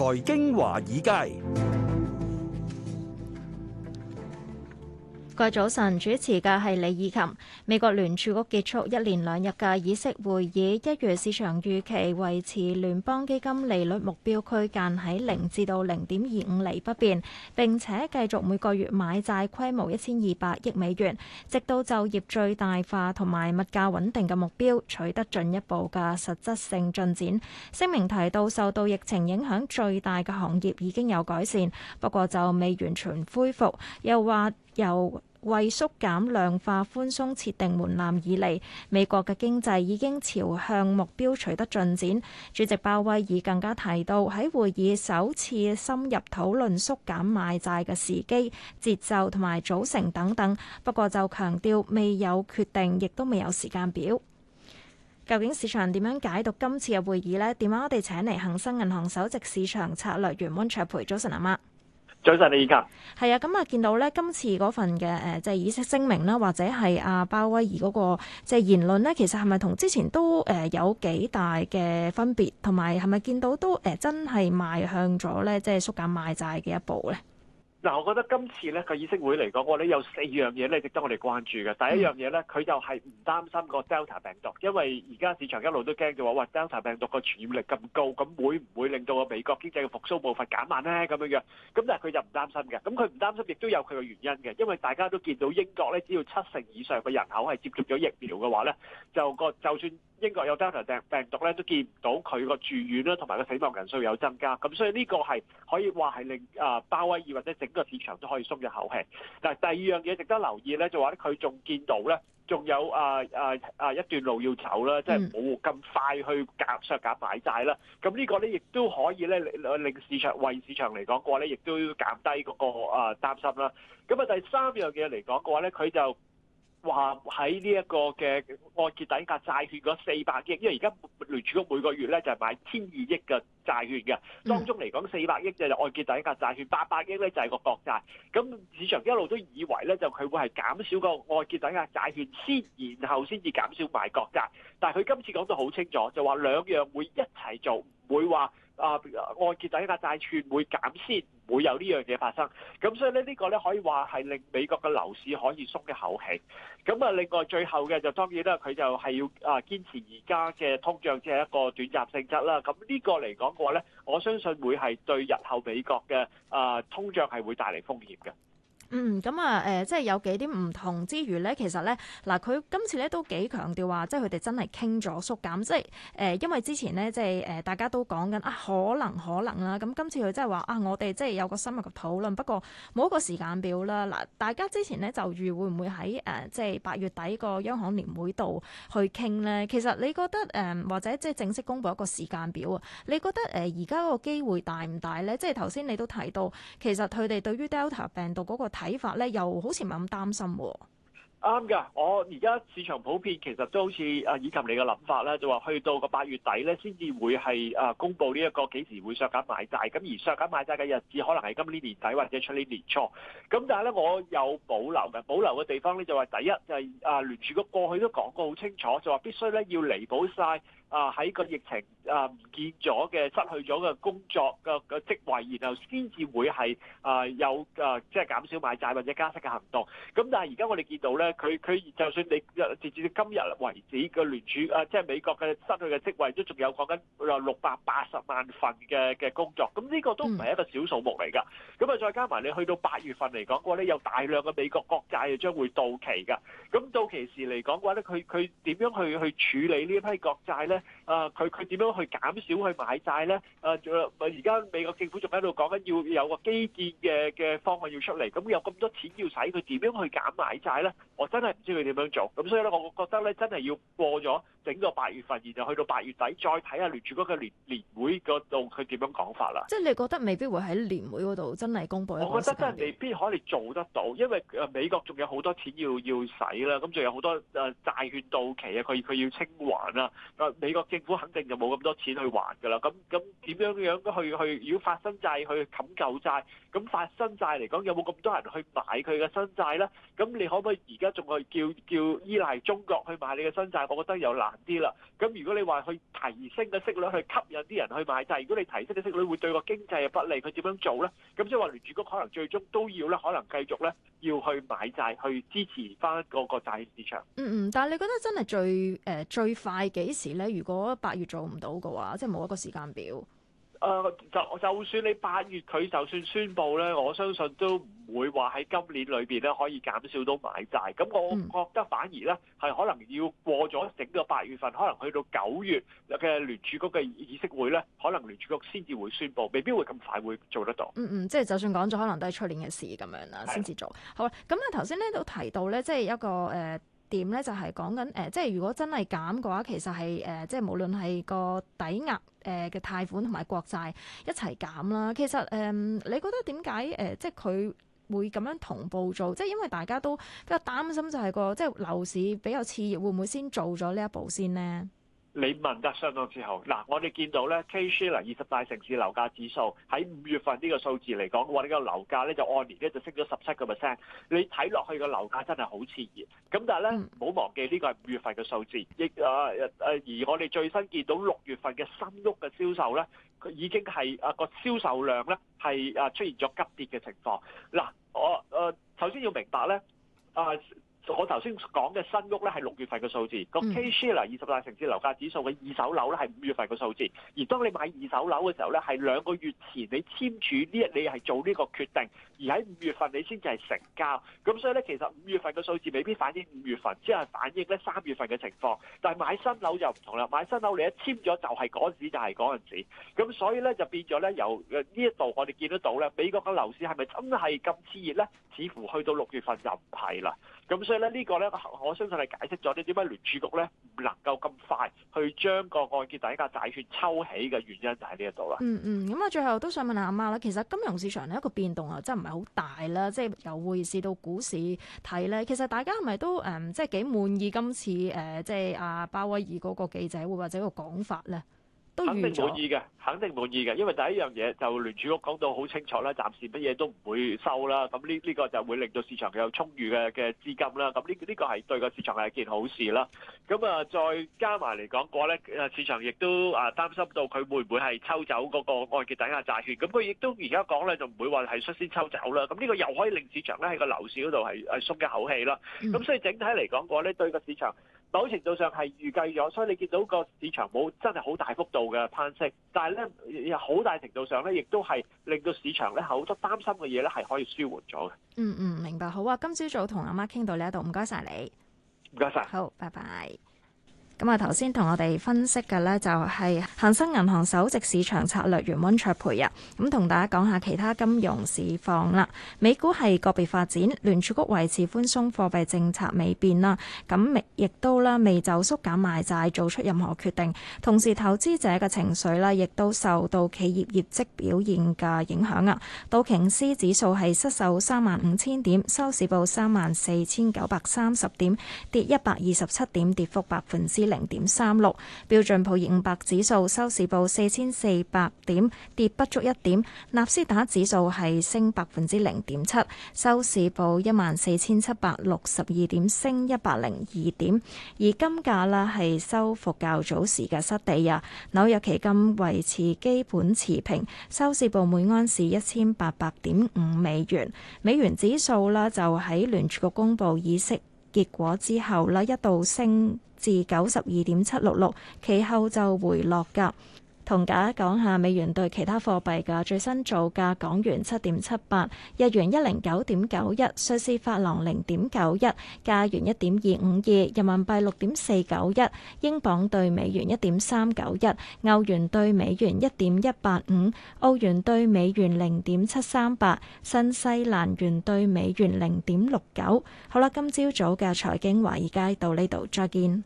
財經華爾街。個早晨，主持嘅係李以琴。美國聯儲局結束一連兩日嘅議息會議，一如市場預期，維持聯邦基金利率目標區間喺零至到零點二五厘不變，並且繼續每個月買債規模一千二百億美元，直到就業最大化同埋物價穩定嘅目標取得進一步嘅實質性進展。聲明提到，受到疫情影響最大嘅行業已經有改善，不過就未完全恢復，又話由為縮減量化寬鬆設定門檻以嚟，美國嘅經濟已經朝向目標取得進展。主席鮑威爾更加提到喺會議首次深入討論縮減買債嘅時機、節奏同埋組成等等。不過就強調未有決定，亦都未有時間表。究竟市場點樣解讀今次嘅會議呢？電話我哋請嚟恒生銀行首席市場策略員溫卓培早晨啊，麥。早晨，你依家係啊，咁啊，見到咧今次嗰份嘅誒，即係議息聲明啦，或者係阿鮑威爾嗰個即係言論咧，其實係咪同之前都誒有幾大嘅分別？同埋係咪見到都誒真係邁向咗咧，即係縮減賣債嘅一步咧？嗱，我覺得今次咧個議息會嚟講，我哋有四樣嘢咧值得我哋關注嘅。第一樣嘢咧，佢就係唔擔心個 Delta 病毒，因為而家市場一路都驚嘅話，哇！Delta 病毒個傳染力咁高，咁會唔會令到個美國經濟嘅復甦步伐減慢咧？咁樣樣，咁但係佢就唔擔心嘅。咁佢唔擔心亦都有佢嘅原因嘅，因為大家都見到英國咧，只要七成以上嘅人口係接種咗疫苗嘅話咧，就個就算英國有 Delta 病毒咧，都見唔到佢個住院啦，同埋個死亡人數有增加。咁所以呢個係可以話係令啊鮑、呃、威爾或者呢個市場都可以鬆一口氣。嗱，第二樣嘢值得留意咧，就話咧佢仲見到咧，仲有啊啊啊一段路要走啦，即係冇咁快去削減買債啦。咁呢個咧亦都可以咧令市場為市場嚟講嘅話咧，亦都減低嗰個啊擔心啦。咁啊，第三樣嘢嚟講嘅話咧，佢就，話喺呢一個嘅外結抵押債券個四百億，因為而家聯儲局每個月咧就係買千二億嘅債券嘅，當中嚟講四百億就係外結抵押債券，八百億咧就係個國債。咁市場一路都以為咧就佢會係減少個外結抵押債券先，然後先至減少埋國債。但係佢今次講得好清楚，就話兩樣會一齊做，唔會話啊、呃、外結抵押債券會減先。會有呢樣嘢發生，咁所以咧呢、呢個咧可以話係令美國嘅樓市可以鬆一口氣。咁啊，另外最後嘅就當然啦，佢就係要啊堅持而家嘅通脹即係、即係、一個短暫性質啦。咁呢個嚟講嘅話咧，我相信會係對日後美國嘅啊、呃、通脹係會帶嚟風險嘅。嗯，咁啊，誒、呃，即係有幾啲唔同之餘咧，其實咧，嗱，佢今次咧都幾強調話，即係佢哋真係傾咗縮減，即係誒、呃，因為之前咧，即係誒，大家都講緊啊，可能可能啦，咁今次佢真係話啊，我哋即係有個深入嘅討論，不過冇一個時間表啦。嗱，大家之前咧就預會唔會喺誒，即係八月底個央行年會度去傾咧？其實你覺得誒、呃，或者即係正式公布一個時間表啊？你覺得誒，而家嗰個機會大唔大咧？即係頭先你都提到，其實佢哋對於 Delta 病毒嗰個睇法咧，又好似唔係咁擔心喎。啱㗎，我而家市場普遍其實都好似啊，以及你嘅諗法咧，就話去到個八月底咧，先至會係啊，公布呢一個幾時會削減買債，咁而削減買債嘅日子可能係今年年底或者出年年初。咁但係咧，我有保留嘅，保留嘅地方咧就話，第一就係啊，聯儲局過去都講過好清楚，就話必須咧要彌補晒。啊！喺個疫情啊唔見咗嘅失去咗嘅工作嘅個職位，然後先至會係啊有啊即係減少買債或者加息嘅行動。咁但係而家我哋見到咧，佢佢就算你直至今日為止個聯儲啊，即係美國嘅失去嘅職位都仲有講緊六百八十萬份嘅嘅工作。咁呢個都唔係一個小數目嚟㗎。咁啊，再加埋你去到八月份嚟講嘅話咧，有大量嘅美國國債啊將會到期㗎。咁到期時嚟講嘅話咧，佢佢點樣去去處理呢一批國債咧？啊！佢佢點樣去減少去買債咧？啊！而家美國政府仲喺度講緊要有個基建嘅嘅方案要出嚟，咁有咁多錢要使，佢點樣去減買債咧？我真係唔知佢點樣做。咁所以咧，我覺得咧，真係要過咗整個八月份，然後去到八月底，再睇下聯儲局嘅年年會嗰度佢點樣講法啦。即係你覺得未必會喺年會嗰度真係公布。我覺得真係未必可以做得到，因為啊，美國仲有好多錢要要使啦，咁仲有好多啊債券到期啊，佢佢要清還啊。美國政府肯定就冇咁多錢去還㗎啦，咁咁點樣樣去去如果發新債去冚舊債？咁發新債嚟講，有冇咁多人去買佢嘅新債咧？咁你可唔可以而家仲去叫叫依賴中國去買你嘅新債？我覺得又難啲啦。咁如果你話去提升嘅息率去吸引啲人去買債，如果你提升嘅息率會對個經濟不利，佢點樣做咧？咁即係話聯儲局可能最終都要咧，可能繼續咧要去買債去支持翻個個債市場。嗯嗯，但係你覺得真係最誒、呃、最快幾時咧？如果八月做唔到嘅話，即係冇一個時間表。誒、呃，就就算你八月佢就算宣布咧，我相信都唔會話喺今年裏邊咧可以減少到買債。咁我、嗯、我覺得反而咧，係可能要過咗整個八月份，可能去到九月嘅聯儲局嘅議息會咧，可能聯儲局先至會宣布，未必會咁快會做得到。嗯嗯，即、嗯、係就算講咗，可能都係出年嘅事咁樣啦，先至做好啦。咁啊，頭先咧都提到咧，即、就、係、是、一個誒。呃點咧就係講緊誒，即係如果真係減嘅話，其實係誒、呃，即係無論係個抵押誒嘅、呃、貸款同埋國債一齊減啦。其實誒、呃，你覺得點解誒，即係佢會咁樣同步做？即係因為大家都比較擔心就，就係個即係樓市比較熾熱，會唔會先做咗呢一步先咧？你問得相當之好，嗱，我哋見到咧，Case-Shiller 二十大城市樓價指數喺五月份呢個數字嚟講，話呢個樓價咧就按年咧就升咗十七個 percent。你睇落去個樓價真係好似熱，咁但係咧唔好忘記呢個係五月份嘅數字，亦啊啊而我哋最新見到六月份嘅新屋嘅銷售咧，佢已經係啊個銷售量咧係啊出現咗急跌嘅情況。嗱，我誒、呃、首先要明白咧啊。呃我頭先講嘅新屋咧係六月份嘅數字，咁、嗯、Case-Shiller 二十大城市樓價指數嘅二手樓咧係五月份嘅數字，而當你買二手樓嘅時候咧係兩個月前你簽署呢一，你係做呢個決定，而喺五月份你先至係成交，咁所以咧其實五月份嘅數字未必反映五月份，只係反映咧三月份嘅情況。但係買新樓就唔同啦，買新樓你一簽咗就係嗰陣時，就係嗰陣時，咁所以咧就變咗咧由呢一度我哋見得到咧美國嘅樓市係咪真係咁熾熱咧？似乎去到六月份就唔係啦，咁。所以個呢個咧，我相信係解釋咗啲點解聯儲局咧唔能夠咁快去將個按揭抵押債券抽起嘅原因就喺呢一度啦。嗯嗯，咁啊，最後都想問下阿媽啦，其實金融市場呢一個變動啊，真係唔係好大啦，即係由匯市到股市睇咧，其實大家係咪都誒、嗯，即係幾滿意今次誒、呃，即係阿鮑威爾嗰個記者會或者個講法咧？肯定滿意嘅，肯定滿意嘅，因為第一樣嘢就聯儲局講到好清楚啦，暫時乜嘢都唔會收啦，咁呢呢個就會令到市場有充裕嘅嘅資金啦，咁呢呢個係對個市場係一件好事啦。咁啊，再加埋嚟講嘅話咧，市場亦都啊擔心到佢會唔會係抽走嗰個按揭抵押債券，咁佢亦都而家講咧就唔會話係率先抽走啦，咁呢個又可以令市場咧喺個樓市嗰度係係鬆一口氣啦。咁所以整體嚟講嘅話咧，對個市場。某程度上係預計咗，所以你見到個市場冇真係好大幅度嘅攀升，但係咧好大程度上咧，亦都係令到市場咧好多擔心嘅嘢咧係可以舒緩咗嘅。嗯嗯，明白。好啊，今朝早同阿媽傾到呢一度，唔該晒你，唔該晒。好，拜拜。咁啊，頭先同我哋分析嘅咧，就係恒生銀行首席市場策略員溫卓培啊。咁同大家講下其他金融市況啦。美股係個別發展，聯儲局維持寬鬆貨幣政策未變啦。咁亦都啦未就縮減賣債做出任何決定。同時，投資者嘅情緒啦亦都受到企業業績表現嘅影響啊。道瓊斯指數係失守三萬五千點，收市報三萬四千九百三十點，跌一百二十七點，跌幅百分之。零點三六，36，標準普爾五百指數收市報四千四百點，跌不足一點。納斯達指數係升百分之零點七，收市報一萬四千七百六十二點，升一百零二點。而金價呢係收復較早時嘅失地啊，紐約期金維持基本持平，收市報每安士一千八百點五美元。美元指數呢就喺聯儲局公布議息。結果之後呢，一度升至九十二點七六六，其後就回落㗎。同大家講下美元對其他貨幣嘅最新造價：港元七點七八，日元一零九點九一，瑞士法郎零點九一，加元一點二五二，人民幣六點四九一，英鎊對美元一點三九一，歐元對美元一點一八五，澳元對美元零點七三八，新西蘭元對美元零點六九。好啦，今朝早嘅財經華爾街到呢度，再見。